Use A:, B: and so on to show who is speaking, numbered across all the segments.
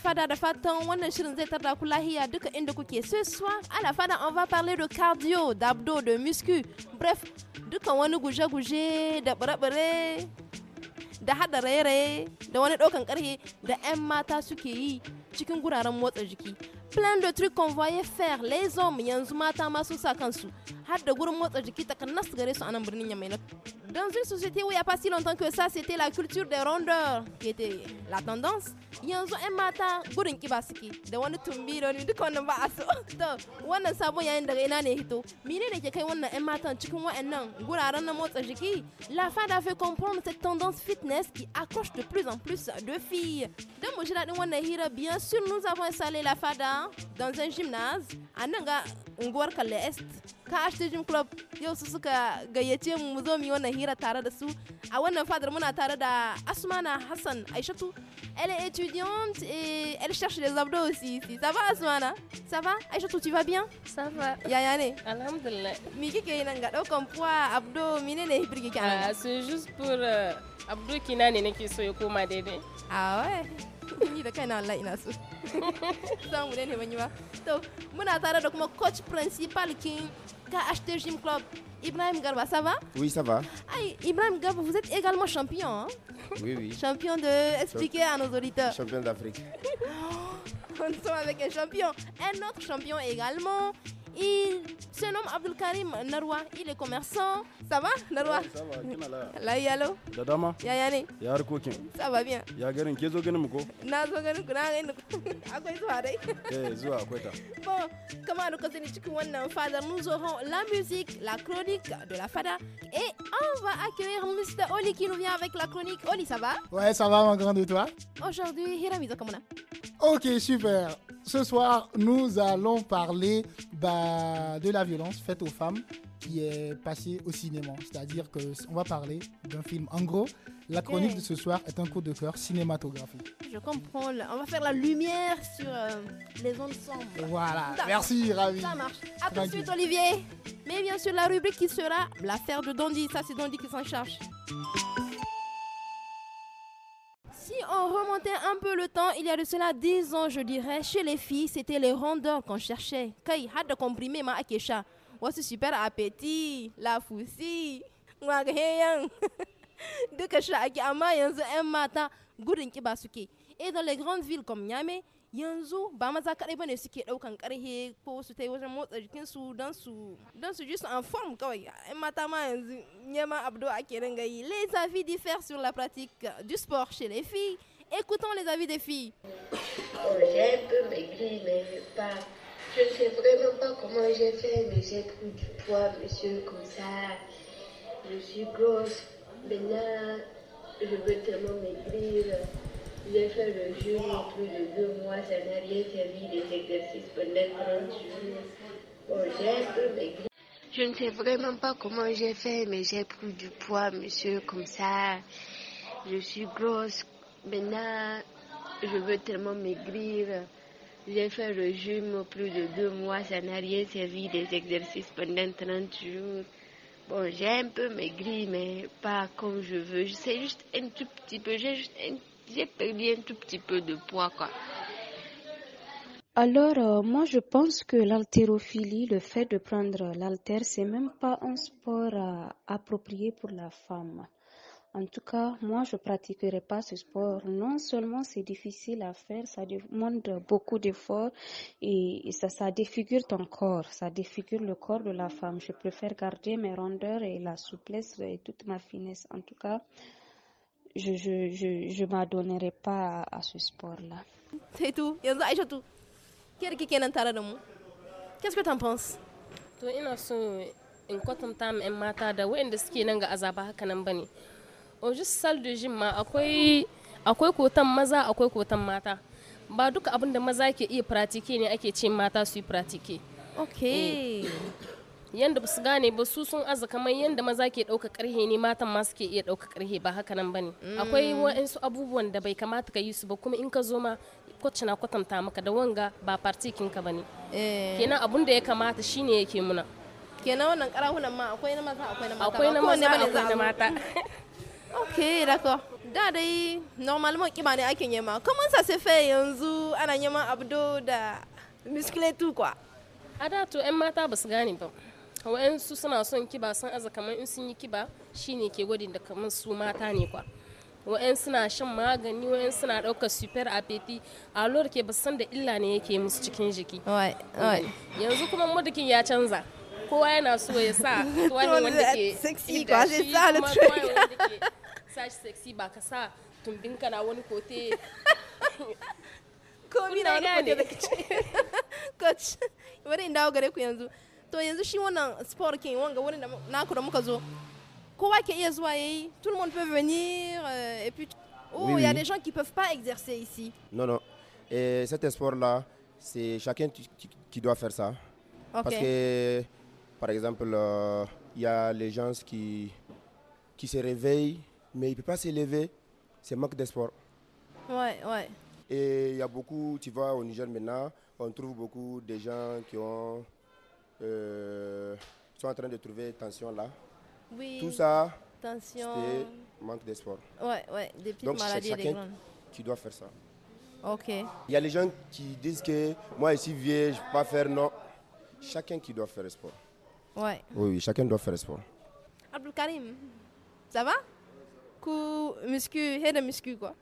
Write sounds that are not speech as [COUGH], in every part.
A: fada da fatan wannan shirin zai tarda ku lahiya duka inda kuke ce soir à la fada on va parler de cardio d'abdo de muscu bref dukan wani guje-guje da bare da hada raye da wani daukan karhe da 'yan mata suke yi cikin guraren motsa jiki plein de trucs qu'on voyait faire les hommes yanzu mata masu sa kansu har da gurin motsa jiki ta kan nasu gare su a nan birnin Yamai. Dans une société où il n'y a pas si longtemps que ça, c'était la culture des rondeurs qui était la tendance. Yanzu 'yan mata gurin kiba suke da wani tumbi da wani duka wannan ba a so. To wannan sabon yayin daga ina ne hito. Mine ne ke kai wannan 'yan matan cikin wa'annan guraren na motsa jiki? La fada fait comprendre cette tendance fitness qui accroche de plus en plus de filles. Dans mon gérard wannan hira, bien sûr, nous avons installé la fada dans un gymnase à unguwar kalle Est. Kashi Club yau su suka gayyace mu mu zo mu yi wannan Asmana Hassan Aishatu. Elle est étudiante et elle cherche des abdos aussi ici. Ça va Asmana? Ça va? Aishatu, tu vas bien? Ça va. Yaya Alhamdulillah. kike ga daukan abdo Ah, c'est juste pour qui euh, n'a ne nake Ah ouais ni da kaina Allah ina so samu [LAUGHS] ne ban yi ba to muna tare da kuma coach principal king le Gym Club Ibrahim Garba, ça va Oui, ça va. Ah, Ibrahim Garba, vous êtes également champion. Hein?
B: oui, oui. Champion de... expliquer à nos auditeurs. Champion d'Afrique.
A: [LAUGHS] On sommes avec un champion. Un autre champion également. Il se nomme Abdul Karim Narwa. Il est commerçant. Ça va, Narwa Ça
C: va. La yalo. Dadama. Ya yani. Ya harkokin. Ça va bien. Ya garin ke zo ganin mu ko?
A: Na zo ganin ku na ganin ku. [LAUGHS] Akwai zuwa dai. Eh zuwa akwai ta. [LAUGHS] Bon, kamar ka sani cikin wannan fada nous aurons la musique, la chronique de la fada et on va accueillir Mr. Oli qui nous vient avec la chronique. Oli, ça va
D: Ouais, ça va mon grand de toi.
A: Aujourd'hui, Hirami Zakamona.
D: Ok, super. Ce soir, nous allons parler bah, de la violence faite aux femmes qui est passée au cinéma. C'est-à-dire que on va parler d'un film. En gros, la chronique de ce soir est un coup de cœur cinématographique.
A: Je comprends. On va faire la lumière sur euh, les ondes sombres. Voilà. Merci, Ravi. Ça marche. À tout de suite, Olivier. Mais bien sûr, la rubrique qui sera l'affaire de Dandy. Ça, c'est Dandy qui s'en charge on remontait un peu le temps, il y a de cela 10 ans, je dirais, chez les filles, c'était les rondeurs qu'on cherchait. Kai de comprimé ma akesha. Oh, c'est super appétit, la foussi, [LAUGHS] De aki yanzu Et dans les grandes villes comme Niamey, yanzu ba maza kadai bane suke daukan karhe ko su tai wajen motsa jikin su dan su dan su ji en forme kawai mata ma yanzu nyama abdo ake ringa yi les avis diffèrent sur la pratique du sport chez les filles écoutons les avis des filles
E: oh, j'ai un peu
A: maigri mais pas je ne sais vraiment pas comment j'ai fait mais j'ai pris du poids monsieur comme ça je suis grosse maintenant je veux tellement maigrir j'ai fait le gym en
F: plus de deux mois, ça n'a rien servi des exercices pendant 30 jours.
A: j'ai un peu maigri. Je ne sais vraiment pas comment j'ai fait, mais j'ai pris du poids, monsieur, comme ça. Je suis grosse. Maintenant, je veux tellement maigrir. J'ai fait le gym plus de deux mois, ça n'a rien servi des exercices pendant 30 jours. Bon, j'ai un peu maigri, mais pas
E: comme je veux. C'est juste un tout petit peu, j'ai juste un j'ai perdu un tout petit peu de poids, Alors, euh, moi, je pense que l'haltérophilie, le fait de prendre l'haltère, c'est même pas un sport euh, approprié pour la femme. En tout cas, moi, je ne pratiquerai pas ce sport. Non seulement c'est difficile à faire, ça demande beaucoup d'efforts et, ça, ça défigure ton corps, ça défigure le corps de la femme. Je préfère garder mes rondeurs et la souplesse et toute ma finesse. En tout cas, je, je, je, je m'adonnerai pas à, ce sport-là.
A: C'est tout. Yanzu Aïchatou, qu'est-ce que tu tare da mu? Qu'est-ce que tu en penses?
E: To ina so in kwatanta ma 'yan mata da waɗanda suke nan ga azaba haka nan bane. O just salle de gym ma akwai akwai kotan maza akwai kotan mata. Ba duka abin da maza ke iya pratike ne ake ce mata su yi pratike. Okay. Eh. yanda basu gane ba su sun aza kamar yadda maza ke ɗauka karhe ne matan ma suke iya ɗauka karhe ba haka nan bane mm. akwai waɗansu abubuwan da bai kamata ka yi su ba kuma in ka zo ma kwacce na kwatanta maka da wanga ba partikin ka bane eh. kenan abun da ya kamata shine yake muna
A: kenan wannan karahunan ma akwai na maza akwai na mata akwai na maza akwai na mata [LAUGHS] ok d'accord da dai normal mun kiba ne ake yema Kuma sa se fait
E: yanzu ana yema abdo da miskile tout quoi a da to 'yan mata ba su gane ba waɗansu suna son kiba sun aza kamar in sun yi kiba shine ke gwadin da kamar su mata ne kwa wa'yan suna shan magani wa'yan suna ɗaukar super apeti a lor ke san da illa ne yake musu cikin jiki yanzu kuma mudukin ya canza kowa yana so ya sa [LAUGHS] tuwahin wanda ke sexy shi kuma tuwahin wanda ke sashi sexy ba ka sa tumbinka na wani kote [LAUGHS] komi na wani kote da kici [LAUGHS] coach wani indawo gare
A: ku yanzu tout le monde peut venir euh, et puis oh il y a des gens qui peuvent pas exercer ici
B: non non et cet sport là c'est chacun qui doit faire ça parce que par exemple euh, il y a les gens qui qui se réveillent mais ils peuvent pas se lever c'est manque de sport
A: ouais ouais
B: et il y a beaucoup tu vois au Niger maintenant on trouve beaucoup de gens qui ont euh, sont en train de trouver tension là. Oui. Tout ça, tension. manque d'espoir.
A: Ouais, ouais, des petites Donc, maladies chacun des grandes. qui doit faire ça. Ok. Il
B: y a les gens qui disent que moi ici vieux, je ne peux pas faire non. Chacun qui doit faire sport. Ouais. Oui, chacun doit faire sport.
A: Abdul Karim, ça va? Ku muscu, head muscu quoi.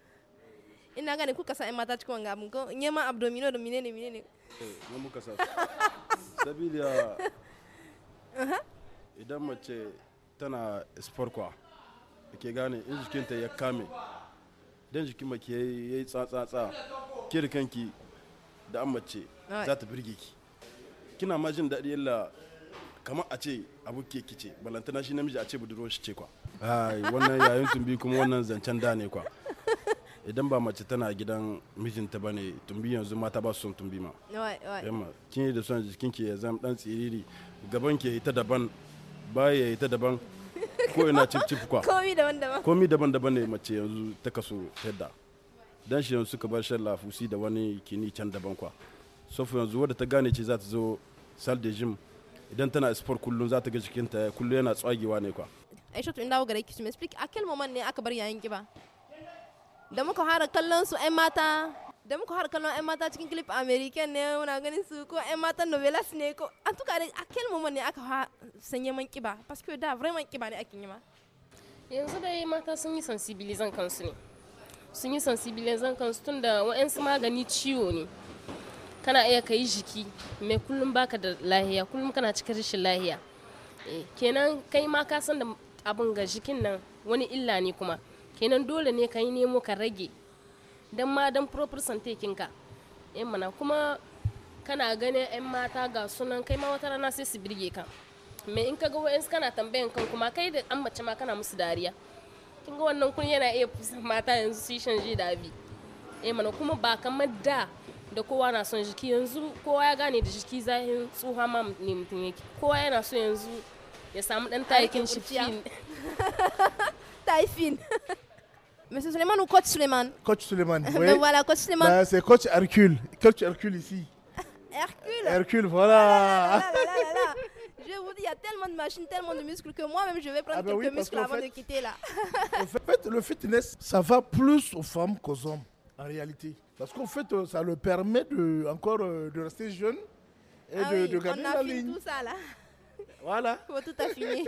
A: ina gane kuka sa 'yan e mata cikin wanga nyema abdominal da menene
C: eh muka [LAUGHS] ya uh-huh. idan mace tana sport kwa ke gane in jikinta ya kame don jikin mace ya yi tsatsa ke da kanki da an mace za ta birge ki kina ma jin daɗi yalla kamar a ce abu ke kice balantana shi namiji a ce budurwar shi ce kwa wannan yayin tumbi kuma wannan zancen da ne kwa idan ba mace tana gidan mijinta ba ne tumbi yanzu mata ba su son tumbi ma yamma kin yi da son jikin ki ya zama dan tsiriri gaban ki ita daban ya ita daban
A: [LAUGHS] ko ina cip cip kwa komi daban daban komi
C: daban daban ne mace yanzu ta kaso tadda dan shi yanzu suka bar shan lafusi da wani kini can daban kwa sofu yanzu wadda ta gane ce za ta zo sal de gym idan tana sport kullum za ta ga jikinta kullum yana tsagewa ne kwa
A: aisha tun dawo gare ki su me explique a quel moment ne aka bar yayin kiba da muka fara kallon su 'yan mata da muka fara kallon 'yan mata cikin clip american ne muna ganin su ko 'yan mata novelas ne ko an tuka da akel mu ne aka sanya man kiba parce que da vraiment kiba ne ake yi ma
E: yanzu dai mata sun yi sensibilizan kansu ne sun yi sensibilizan kansu tun da wa'yansu magani ciwo ne kana iya kai jiki mai kullum baka da lahiya kullum kana cikin rashin lahiya eh, kenan kai ma ka san da abin ga jikin nan wani illa ne kuma kenan dole ne ka yi nemo ka rage don ma don proper santekinka yan mana kuma kana ganin yan mata ga sunan kai ma wata rana sai su birge ka mai in ka ga wa'yansu kana tambayan kan kuma kai da an mace ma kana musu dariya kin ga wannan kun yana iya mata yanzu su yi shanje da abi eh mana kuma ba kamar da da kowa na son jiki yanzu kowa ya gane da jiki zahin tsuha ma ne mutum yake kowa yana so yanzu ya samu dan tayakin shi fin [LAUGHS] taifin [LAUGHS]
A: Monsieur Suleiman ou coach Suleiman
G: Coach Suleiman. Oui.
E: [LAUGHS] ben voilà, coach Suleiman. Ben, c'est
G: coach Hercule. Coach Hercule ici. [LAUGHS] Hercule Hercule, voilà. Ah,
A: je vous dis, il y a tellement de machines, tellement de muscles que moi-même, je vais prendre ah ben quelques muscles avant de quitter là.
G: en fait, le fitness, ça va plus aux femmes qu'aux hommes, en réalité. Parce qu'en fait, euh, ça le permet de, encore euh, de rester jeune et ah de, de, garder la ligne. Tout ça, là. Voilà. Pour [LAUGHS] tout affiner.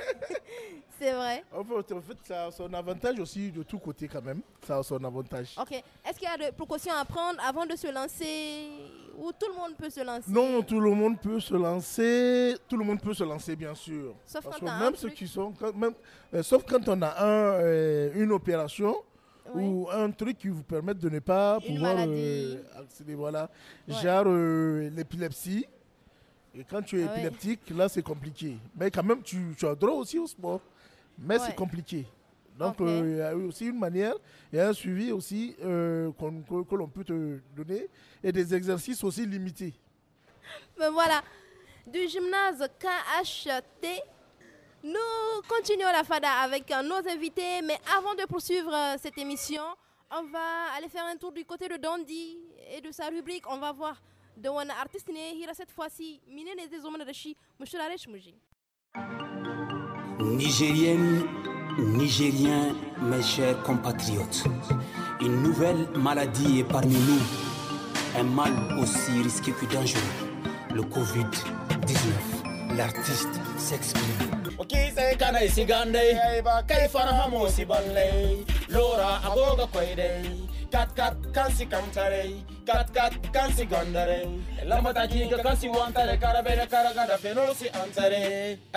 G: [LAUGHS] c'est vrai. En fait, en fait, ça a son avantage aussi de tous côtés quand même. Ça a son avantage.
A: Ok. Est-ce qu'il y a des précautions à prendre avant de se lancer Ou tout le monde peut se lancer
G: Non, tout le monde peut se lancer. Tout le monde peut se lancer, bien sûr. Sauf quand même ceux qui sont... Quand même, euh, sauf quand on a un, euh, une opération... ou un truc qui vous permet de ne pas pouvoir euh, accéder. Voilà, genre l'épilepsie. Et quand tu es ah épileptique, là, c'est compliqué. Mais quand même, tu, as droit aussi au sport. Mais c'est compliqué. Donc, euh, il y a aussi une manière, il y a un suivi aussi euh, que, que l'on peut te donner et des exercices aussi limités.
A: Mais voilà, du gymnase KHT, nous continuons la FADA avec euh, nos invités. Mais avant de poursuivre cette émission, on va aller faire un tour du côté de Dandy et de sa rubrique. On va voir de l'artiste artiste ne hira cette fois-ci menene zai zo de shi
H: Nigérienne, Nigérien, mes chers compatriotes, une nouvelle maladie est parmi nous, un mal aussi risqué que dangereux, le Covid-19. L'artiste s'exprime. Okay, Lora, aboga kat kat kan si kam tare kat kat kan si gondare lamba ta jiga kan si wantare karabere karagada fenolo si antare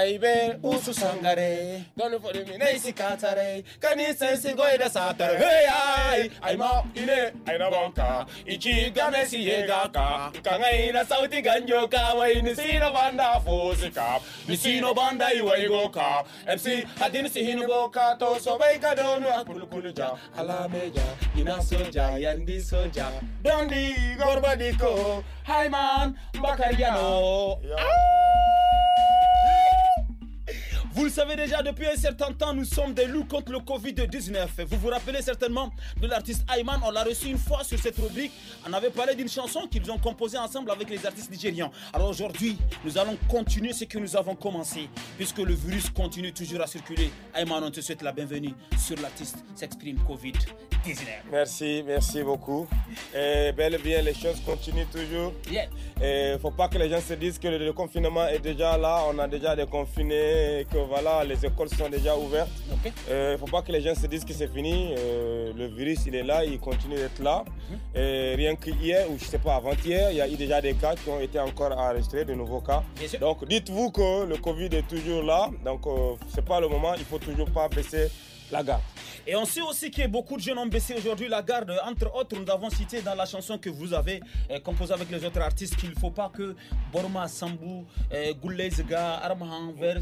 H: aibe usu sangare not for mi nei si katare kani sen si goida satare hey ai ai ma ile ai bonka ichi game si yega ka kangai na sauti ganjo ka wai ni si na banda fosi ka ni si no banda i ka mc adin si hinu boka to so bai ka donu akul kulja ala meja ina so soldier, Yandi soldier. Dondi, Gorbadiko, Hyman, Bakariano. Yeah. Ah! Vous le savez déjà, depuis un certain temps, nous sommes des loups contre le Covid-19. Vous vous rappelez certainement de l'artiste Ayman, on l'a reçu une fois sur cette rubrique. On avait parlé d'une chanson qu'ils ont composée ensemble avec les artistes nigérians. Alors aujourd'hui, nous allons continuer ce que nous avons commencé, puisque le virus continue toujours à circuler. Ayman, on te souhaite la bienvenue sur l'artiste s'exprime Covid-19. Merci, merci beaucoup. Et bel et bien, les choses continuent toujours. Il ne faut pas que les gens se disent que le confinement est déjà là, on a déjà déconfiné. Que voilà, les écoles sont déjà ouvertes. Il ne euh, faut pas que les gens se disent que c'est fini. Euh, le virus, il est là, il continue d'être là. Mhm. rien qu'hier, ou je ne sais pas, avant-hier, il y a eu déjà des cas qui ont été encore enregistrés, de nouveaux cas. Donc dites-vous que le Covid est toujours là. Donc euh, ce n'est pas le moment, il ne faut toujours pas baisser la Et on sait aussi qu'il y a beaucoup de jeunes ont baissé aujourd'hui la garde. Entre autres, nous avons cité dans la chanson que vous avez euh, composée avec les autres artistes qu'il ne faut pas que Borma Sambou, Goulez, euh, Goulezga, Armahan Vers,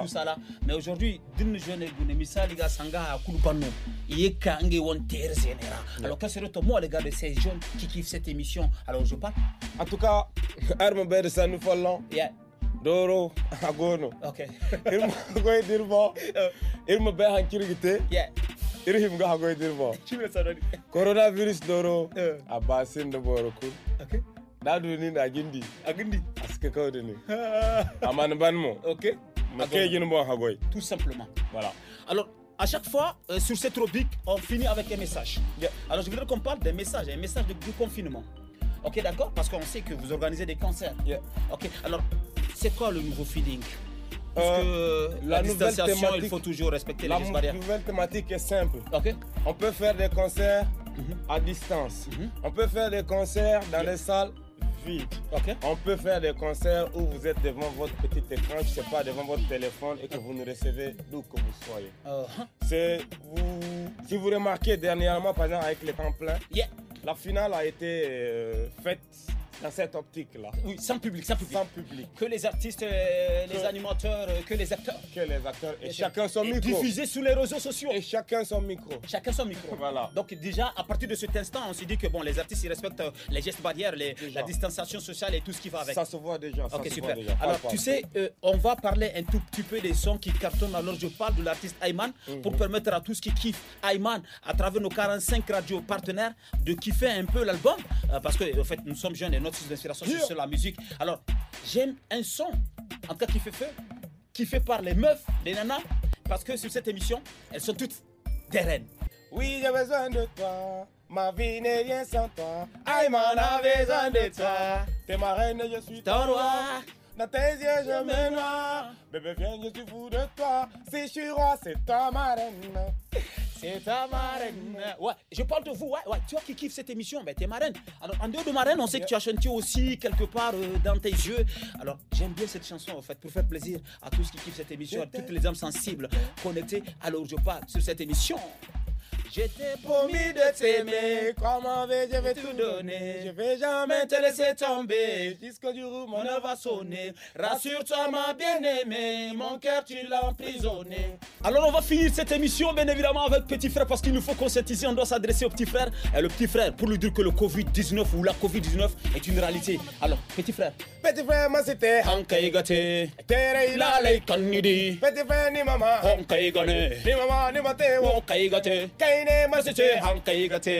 H: tout ça là. Mais aujourd'hui, d'une jeune Gounemisa, les gars, Sanga, Akulupano, Yekange, Wonter, Zenera. Alors, que c'est que moi, les gars, de ces jeunes qui kiffent cette émission Alors, je parle. En tout cas, [LAUGHS] Arma, Vers, ça nous Yeah doro agono Il [LAUGHS] irma dirbo irma me han yeah irhim ga goydirbo coronavirus doro uh. a basin da boro ku da duni na gindi a gindi a suka kawo da ne amma ok tout simplement voilà alors à chaque fois, euh, sur cette rubrique, on finit avec un message. Yeah. Alors, je voudrais qu'on parle des messages, un message de, du confinement. Ok, d'accord Parce qu'on sait que vous organisez des concerts. Yeah. Ok, alors, c'est quoi le nouveau feeling Parce euh, que la, distanciation, il faut toujours respecter les barrières. La nouvelle thématique est simple. On peut faire des concerts mhm. à distance. Mhm. On peut faire des concerts dans les salles vides. On peut faire des concerts où vous êtes devant votre petit écran, je sais pas, devant votre téléphone et que vous nous recevez d'où que vous soyez. Uh-huh. vous, si vous remarquez dernièrement, par exemple, avec les temps pleins, la finale a été euh, faite dans cette optique-là. Oui, sans public, sans public. Que les artistes, euh, les animateurs, euh, que les acteurs. Que les acteurs. Et, chacun son et micro. Diffusé sur les réseaux sociaux. Et chacun son micro. Chacun son micro. voilà. Donc déjà, à partir de cet instant, on s'est dit que bon, les artistes, ils respectent euh, les gestes barrières, la distanciation sociale et tout ce qui va avec. Ça se voit déjà. Ok, se super. Déjà. Alors, tu sais, on va parler un tout petit peu des sons qui cartonnent. Alors, je parle de l'artiste Ayman pour mhm. permettre à tous qui kiffent Ayman à travers nos 45 radios partenaires de kiffer un peu l'album. parce que, en fait, nous sommes jeunes et nous sur la musique. Alors, j'aime un son, en tout cas qui fait feu, qui fait par les meufs, les nanas, parce que sur cette émission, elles sont toutes des reines. Oui, j'ai besoin de toi. Ma vie n'est rien sans toi. Aïe, m'en a besoin de toi. T'es ma reine, je suis ton roi. Dans tes yeux, je me noie. Bébé, viens, je suis fou de toi. Si je suis roi, c'est ta marraine. C'est ta marraine. Ouais, je parle de vous, ouais, ouais. Toi qui kiffe cette émission, ben t'es marraine. Alors, en dehors de marraine, on sait que tu as chanté aussi quelque part euh, dans tes yeux. Alors, j'aime bien cette chanson, en fait, pour faire plaisir à tous qui kiffent cette émission, à toutes les âmes sensibles connectées. Alors, je parle sur cette émission. J'étais promis de t'aimer, comment vais je vais tout donner. Je vais jamais te laisser tomber, jusqu'au du roux mon œuvre va sonner. Rassure-toi ma bien-aimée, mon cœur tu l'as emprisonné. Alors on va finir cette émission bien évidemment avec petit frère parce qu'il nous faut conscientiser, on doit s'adresser au petit frère. Et le petit frère pour lui dire que le Covid-19 ou la Covid-19 est une réalité. Alors petit frère. Petit frère ma cité Hankaïgate. Tere a Petit frère ni maman. Ni maman ni mate. ne masu ce hankali ga ce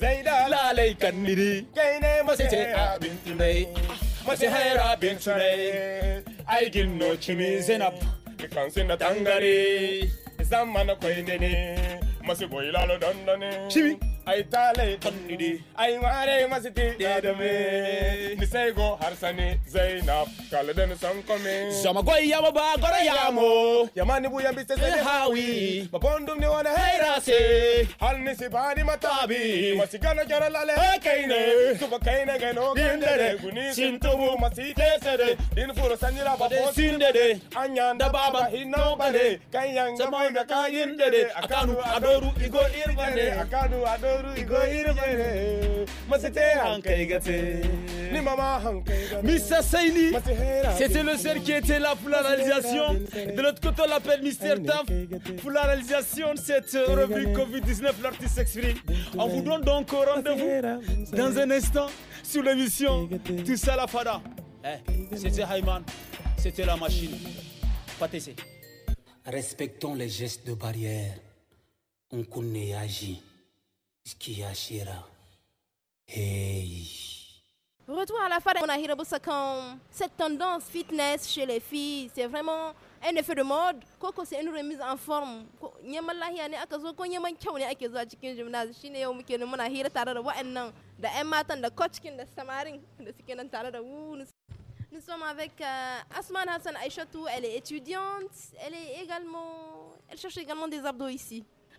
H: zai da lalai kan niri ne masu ce abin tunai masu haira abin tunai aigin no cimi zinab kan sin da tangare mana kwai ne ne masu boyi lalo dandane aytaale qonnidhi aymaaree masiti dhaadame niseego harsani zaynab kaladan sankome
F: zamagoy yama baagora yaamo
H: yamani buyambise sede haawi mabondumni wana hayraase si bani matabi. masigana jaralale hakayne suba kayne gano gendere guni sintubu masite sere, din furo sanjira babo sindede anyanda baba hinno bale kayanga moyga kayindede akanu adoru igo irvane akanu adoru c'était le seul qui était là pour la réalisation de l'autre côté on l'appelle Mister Taf pour la réalisation de cette revue Covid-19 l'artiste s'exprime on vous donne donc rendez-vous dans un instant sur l'émission Tout ça la fada eh, c'était Hayman c'était la machine Respectons les gestes de barrière on connaît agit Hey.
A: Retour à la fin de Cette tendance fitness chez les filles, c'est vraiment un effet de mode. Coco, c'est une remise en forme. Nyamalahi ne aka zo ko nyaman kyau ne ake zuwa cikin gymnase shine yau muke nan muna hira tare da wa'annan da ƴan matan da coach kin da samarin da suke nan tare da wu Nous sommes avec euh, Asman Hassan Aishatou, elle est étudiante, elle est également elle cherche également des abdos ici.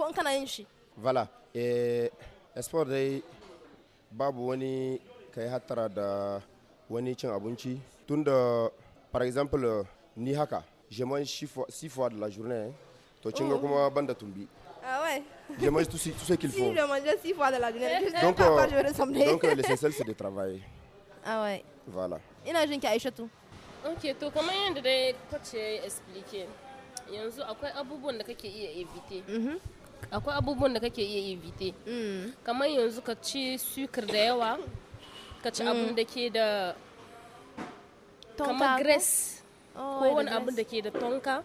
A: ko an kana yin shi
B: vala eh espoir dai babu wani kai hatara da wani cin abinci tunda par exemple ni haka je mange six fois de la journée eh. to cinga oh. kuma banda tumbi
A: Ah ouais Je mange tout, tout ce qu'il [LAUGHS] faut. Si je mangeais six fois de la journée, je donc, pas euh, je ressemblais. Donc euh, l'essentiel
B: c'est de [LAUGHS] travailler. Ah ouais. Voilà.
A: Ina jin ki Aisha tu.
E: Ok, to kamar yadda dai kwace ya explique yanzu akwai abubuwan da kake iya evite. akwai abubuwan da kake iya evite mm. kamar yanzu ka ci sukar da yawa ka ci abun mm. da ke da kamar gres ko oh, wani abun da ke da tonka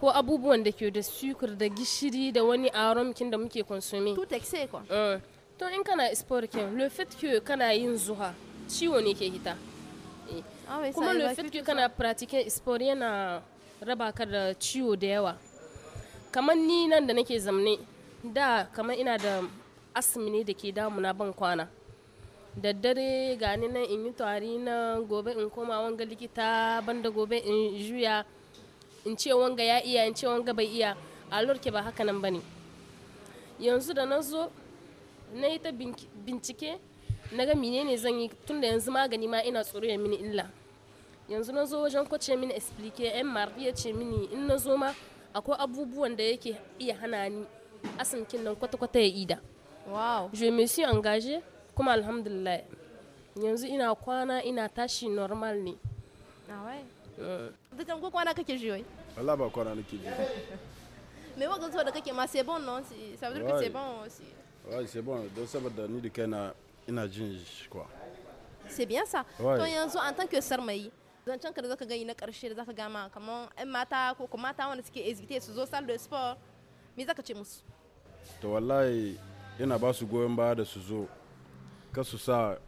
E: ko abubuwan da ke da sukar da gishiri da wani aromkin da muke konsumi mm. to in kana isporikin le fait que kana yin zuha ciwo ne ke hita eh. ah kuma le fait que kana pratiquer sport yana raba ka da ciwo da yawa kamar ni nan da nake zamne da kamar ina da asmi ne da ke damuna ban kwana daddare gani nan in yi tari nan gobe in koma wanga likita banda gobe in juya in ce wanga ya iya in ce wanga bai iya a lorke ba haka nan bane yanzu da na zo na yi ta bincike na ga mine ne zan yi tun da yanzu magani ma ina tsoro ya mini illa yanzu na zo wajen kwace mini explique mr ya ce mini in na zo ma akwai abubuwan da yake iya hana ni asinkin nan kwata-kwata ya ida wow je me suis engagé kuma alhamdulillah yanzu ina kwana ina tashi normal ne ah hmm. dukan ko kwana kake ji wai
C: Allah ba kwana nake ji
E: [LAUGHS] me wa gazo da
A: kake ma c'est bon non ça veut dire que c'est bon aussi
C: ouais c'est bon don saboda ni de kaina ina jin quoi.
A: c'est bien ça to yanzu en tant que sarmayi zancen ka da zaka gani na karshe da zaka gama kamar yan mata ko kuma mata wanda suke ezite su zo sal da sport me zaka ce musu
C: to wallahi ina ba su goyon baya da su zo ka su sa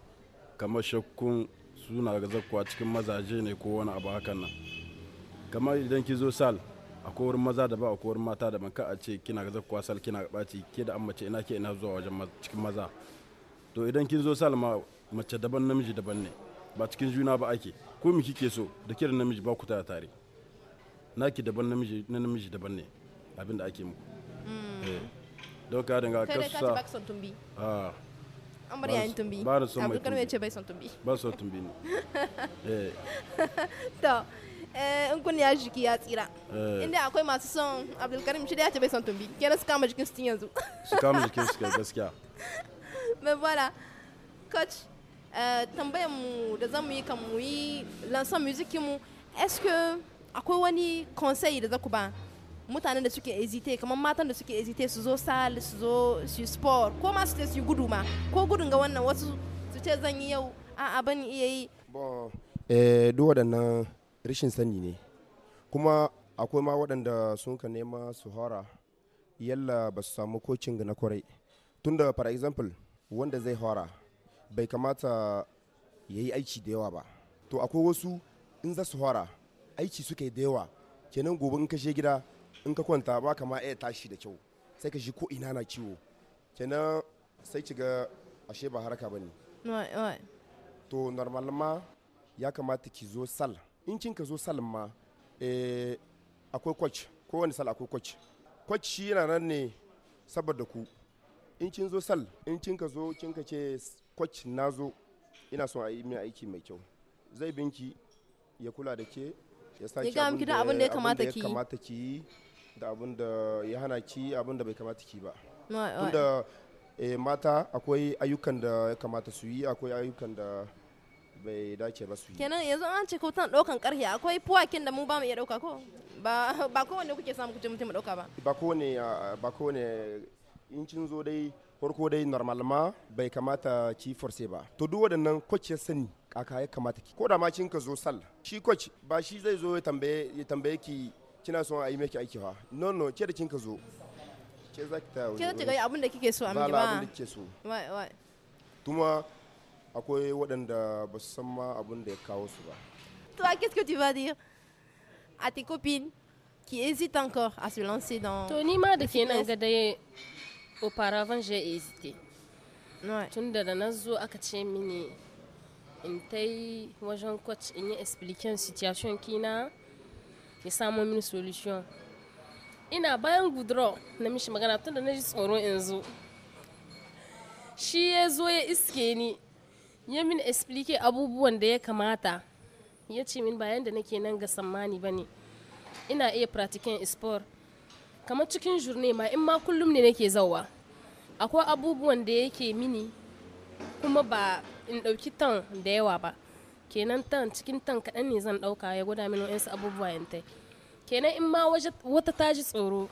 C: kamar shakkun suna ga zakkuwa cikin mazaje ne ko wani abu hakan nan kamar idan ki zo sal a kowar maza da ba a kowar mata da ka a ce kina ga zakkuwa sal kina ga ɓaci ke da an mace ina ke ina zuwa wajen cikin maza to idan kin zo sal ma mace daban namiji daban ne ba cikin juna ba ake ko mi kike so da kiran namiji ba ku taya tare naki daban namiji na namiji daban ne abin da ake muku hmm. eh. don ka dinga kasa a
A: amar yayin tumbi ba na son mai tumbi ce bai son tumbi
C: ba son tumbi ne [LAUGHS] eh.
A: to eh, in kun ya jiki ya tsira inda akwai masu son abdulkarim shi da ya ce bai son tumbi kenan su kama jikin su tun yanzu su
C: kama jikin su gaskiya
A: mais [LAUGHS] voilà coach Eh, tambayar mu da zamu yi kan mu yi lansan musikin mu est akwai wani conseil da za ku ba mutanen da suke ezite kamar matan da suke ezite su zo sal su zo su sport ko ma su ce su gudu ma ko gudun ga wannan wasu su ce zan yi yau a ban iya yi bon
B: eh, duk waɗannan rashin sani ne kuma akwai ma waɗanda sun ka nema su hora yalla ba su samu coaching na kwarai tunda for example wanda zai hora bai kamata ya yi aiki da yawa ba to akwai wasu in za su fara aiki suka yi da yawa kenan gobe in ka je gida in ka kwanta ba kama iya tashi da kyau sai ka shi ko ina na ciwo kenan sai ki ga ashe ba haraka ba ne to normal ma ya kamata ki zo sal in kin ka zo sal ma eh, akwai coach wani sal akwai coach coach shi yana nan ne saboda ku in kin zo sal in kin ka zo kin ka ce coach na zo ina son a yi min aiki mai kyau zai binki ya kula da ke ya ki abin da ya kamata ki yi da abin da ya hana ki abin da bai kamata ki ba
A: tunda
B: eh, mata akwai ayyukan da ya kamata su yi akwai ayyukan da bai dace ba su yi kenan
A: yanzu an ce kautan daukan karhe akwai puwakin da mu ba mu iya dauka ko ba kowane kuke samu kuce mutum dauka ba
B: ba kowane ah, ba kowane in kin zo dai farko dai normalma bai kamata ki force ba to duk wadannan coach ya sani kaka ya kamata ki ko da ma kin ka zo sal shi coach ba shi zai zo ya tambaye ya tambaye ki kina son a yi miki aiki fa no no ke da kin ka zo ke za ki ta ke za ga abin
A: da kike so a miki ba abin da kike so wai wai
B: kuma akwai waɗanda ba su san ma abin da ya kawo su ba
A: toi qu'est-ce que tu vas dire à tes copines qui hésitent encore à se lancer dans Tony ma da kenan ga
E: dai auparavant je hésité tun da na zo aka ce mini in ta yi wajen coach in yi explication situation kina ya samo mini solution ina bayan gudro na mishi magana tun da na ji tsoro in shi ya zo ya iske ni ya min explique abubuwan da ya kamata ya ce min bayan da nake nan ga sammani ba ne ina iya pratikin sport kamar cikin jurne ma in ma kullum ne nake zauwa akwai abubuwan da yake mini kuma ba in ɗauki tan da yawa ba kenan tan cikin tan kaɗan ne zan ɗauka ya gwada mini wa'insu abubuwa in tai kenan in ma wata ta ji tsoro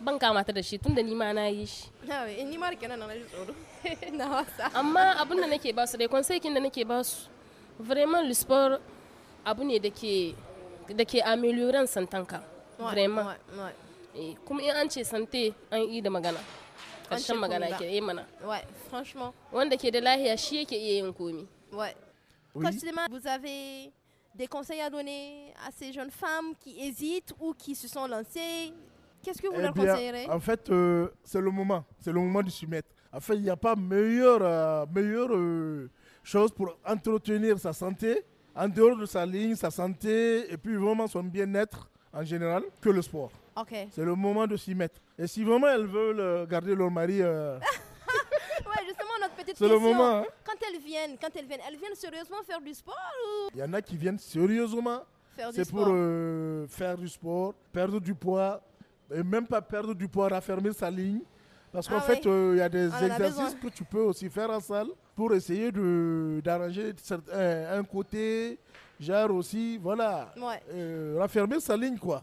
E: ban kamata da shi tun da nima na yi shi
A: in eh, nima da kenan na ji tsoro [LAUGHS] na
E: wasa amma abin da nake ba su dai konsaikin da nake ba su vraiment le sport abu ne da ke da ke amelioran santanka vraiment Eh, eh, vous avez des conseils à donner
A: à ces jeunes femmes qui hésitent ou qui se sont lancées Qu'est-ce que vous eh leur conseillerez En
G: fait, euh, c'est le moment. C'est le moment de s'y mettre. En fait, il n'y a pas meilleure, euh, meilleure euh, chose pour entretenir sa santé, en dehors de sa ligne, sa santé et puis vraiment son bien-être en général, que le sport. C'est le moment de s'y mettre. Et si vraiment elles veulent euh, garder leur mari. Euh,
A: [LAUGHS] justement, notre petite question. C'est le moment. Hein. Quand elles viennent, quand elles viennent, elles viennent sérieusement faire du sport
G: Il y en a qui viennent sérieusement. C'est pour euh, faire du sport, perdre du poids, et même pas perdre du poids, raffermer sa ligne. Parce qu'en ah fait, il y a des ah, exercices que tu peux aussi faire en salle pour essayer d'arranger un côté, genre aussi, voilà, raffermer sa ligne, quoi.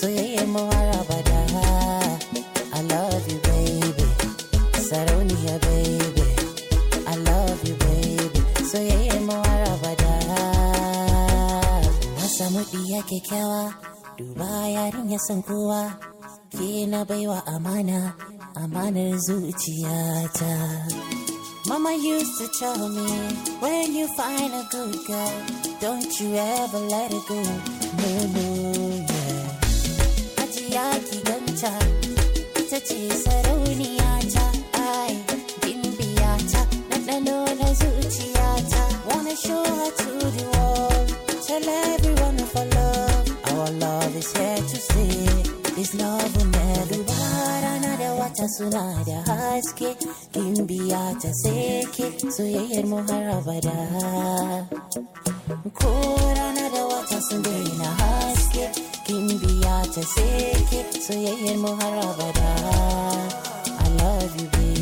F: soyayyen mawara bada I love you baby sarauniya baby I love you baby soyayyen mawara bada na samu diya kyakkyawa duba yarinya san kowa ke na baywa amana amanar zuciyata Mama used to tell me, when you find a good girl, don't you ever let it go. No, no ki ganta wanna show her to the world tell everyone of our love our love is here to stay this love will never I love you baby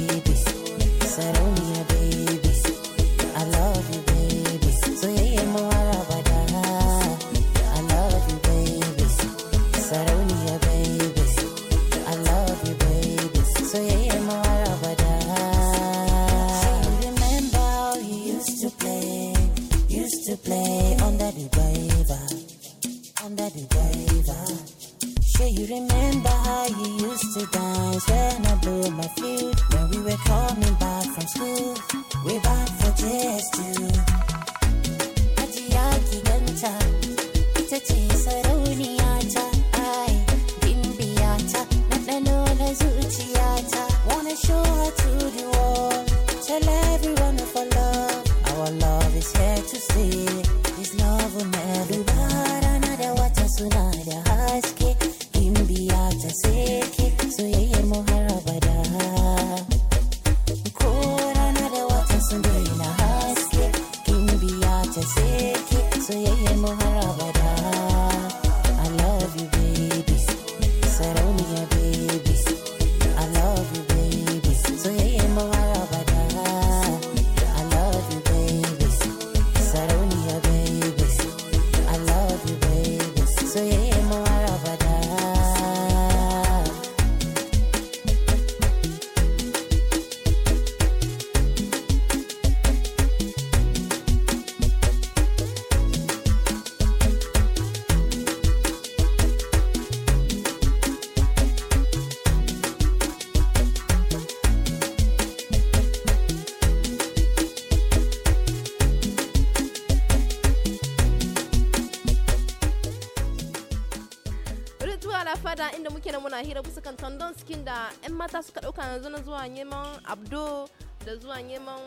A: da inda muke da muna hira bisa kan tandon skin da 'yan mata suka dauka yanzu na zuwa neman abdo da zuwa neman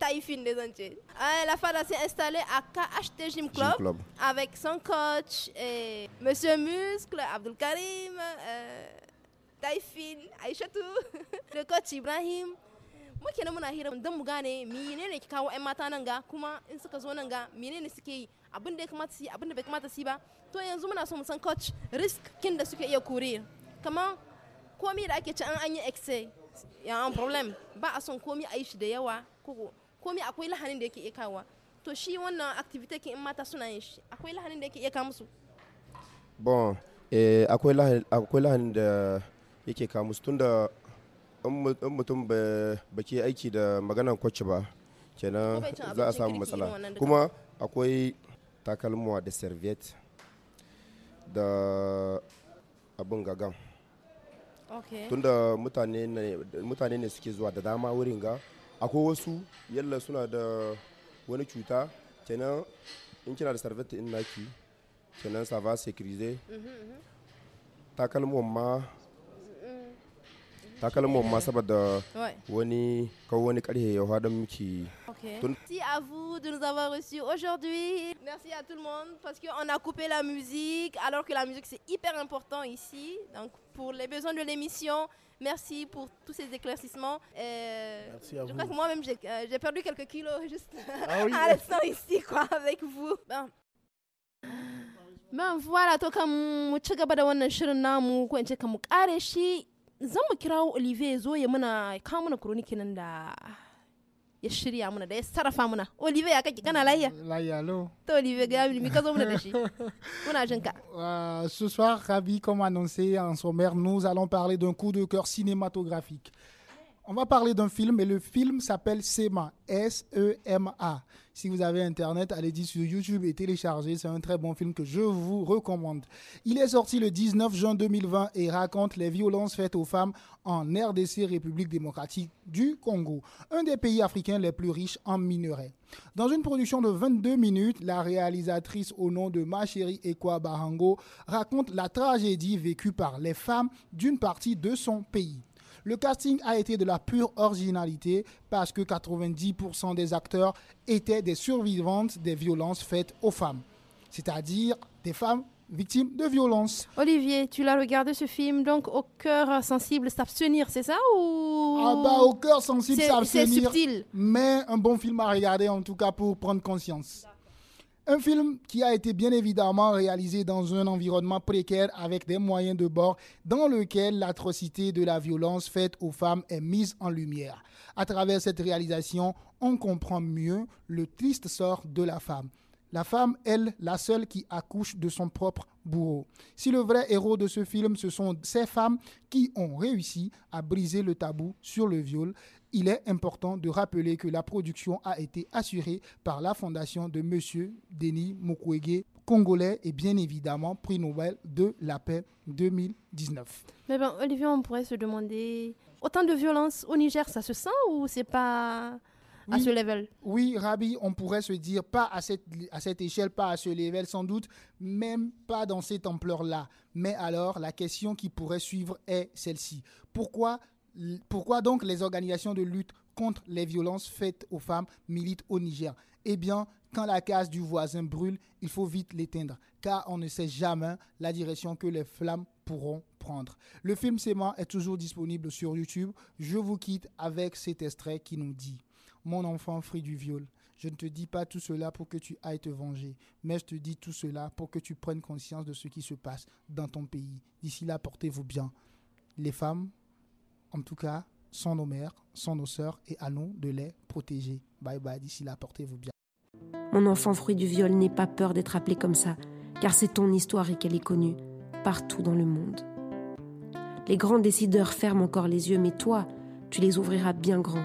A: taifin Taïfine des Antilles. la FADA s'est installée à KHT Gym Club, Club, avec son coach et eh, Monsieur Muscle, Abdul Karim, euh, Taïfine, Aïchatou, [LAUGHS] le coach Ibrahim. muke nan muna hira don mu gane menene ke kawo 'yan mata nan ga kuma in suka zo nan ga menene suke yi abin da ya kamata su yi abin da bai kamata su yi ba to yanzu muna so mu san coach risk kin da suke iya kore kamar komi da ake ci an an yi exe ya an um, problem ba a son komi a yi shi da yawa ko komi akwai lahanin da yake iya kawo to shi wannan activity kin in mata suna yin shi akwai lahanin da yake iya kawo musu
B: bon eh akwai lahanin da yake kawo musu tunda in mutum ba ke aiki da maganar kwacce ba kenan za a samu matsala kuma akwai takalmuwa da serviette da abin gagan okay. tunda mutane ne, mutane ne suke zuwa da dama wurin ga akwai wasu yalla suna da wani cuta kenan in kina da serviette in naki kenan sa va sécuriser mhm, mhm. takalmuwan ma
A: mm. takalmuwan ma saboda
B: wani kawo wani karhe ya hada miki Merci
A: à vous de nous avoir reçus aujourd'hui. Merci à tout le monde parce qu'on a coupé la musique alors que la musique c'est hyper important ici. Donc pour les besoins de l'émission, merci pour tous ces éclaircissements. et euh, je crois que moi-même euh, j'ai perdu quelques kilos juste ah oui. [LAUGHS] ici quoi avec vous. Ben voilà comme da wannan shirin namu ko kare shi zan mu kirawo ya shirya muna da ya sarrafa muna olive ya kake kana lahiya lahiya lo to olive ga mi ka zo muna da shi
D: [LAUGHS] muna jin ka euh, ce soir ravi comme annoncé en sommaire nous allons parler d'un coup de cœur cinématographique on va parler d'un film et le film s'appelle SEMA. S-E-M-A. Si vous avez Internet, allez-y sur YouTube et téléchargez. C'est un très bon film que je vous recommande. Il est sorti le 19 juin 2020 et raconte les violences faites aux femmes en RDC, République démocratique du Congo, un des pays africains les plus riches en minerais. Dans une production de 22 minutes, la réalisatrice au nom de Ma chérie Ekwa Barango raconte la tragédie vécue par les femmes d'une partie de son pays. Le casting a été de la pure originalité parce que 90% des acteurs étaient des survivantes des violences faites aux femmes, c'est-à-dire des femmes victimes de violences.
A: Olivier, tu l'as regardé ce film, donc au cœur sensible s'abstenir, c'est ça ou... Ah bah au cœur sensible s'abstenir. C'est
D: Mais un bon film à regarder en tout cas pour prendre conscience. Un film qui a été bien évidemment réalisé dans un environnement précaire avec des moyens de bord dans lequel l'atrocité de la violence faite aux femmes est mise en lumière. À travers cette réalisation, on comprend mieux le triste sort de la femme. La femme, elle, la seule qui accouche de son propre bourreau. Si le vrai héros de ce film, ce sont ces femmes qui ont réussi à briser le tabou sur le viol, il est important de rappeler que la production a été assurée par la fondation de Monsieur Denis Mukwege, congolais et bien évidemment prix Nobel de la paix 2019.
A: Mais ben, Olivier, on pourrait se demander, autant de violence
D: au Niger, ça se sent ou c'est pas oui, à ce Oui, Rabi, on pourrait se dire pas à cette, échelle, pas à ce level sans doute, même pas dans cette ampleur-là. Mais alors, la question qui pourrait suivre est celle-ci. Pourquoi, pourquoi donc les organisations de lutte contre les violences faites aux femmes militent au Niger Eh bien, quand la case du voisin brûle, il faut vite l'éteindre, car on ne sait jamais la direction que les flammes pourront prendre. Le film moi » est toujours disponible sur YouTube. Je vous quitte avec cet extrait qui nous dit mon enfant fruit du viol. Je ne te dis pas tout cela pour que tu ailles te venger, mais je te dis tout cela pour que tu prennes conscience de ce qui se passe dans ton pays. D'ici là, portez-vous bien. Les femmes, en tout cas, sont nos mères, sont nos sœurs, et allons de les protéger. Bye bye, d'ici là, portez-vous bien.
A: Mon enfant fruit du viol n'est pas peur d'être appelé comme ça, car c'est ton histoire et qu'elle est connue partout dans le monde. Les grands décideurs ferment encore les yeux, mais toi, tu les ouvriras bien grands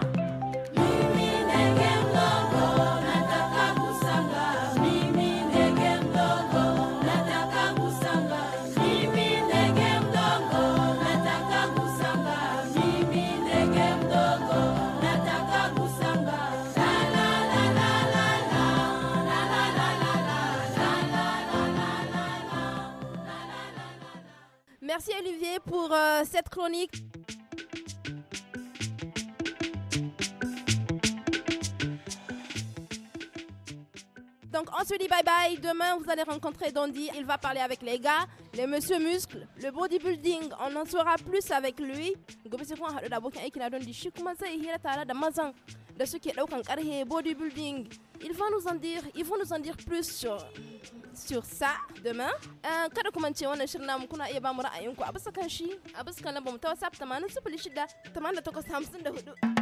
A: Merci Olivier pour euh, cette chronique. Donc on se dit bye bye. Demain, vous allez rencontrer Dondi, Il va parler avec les gars, les monsieur muscles, le bodybuilding. On en saura plus avec lui. Il va nous en dire, ils vont nous en dire plus sur sur ça demain. wannan kuna iya a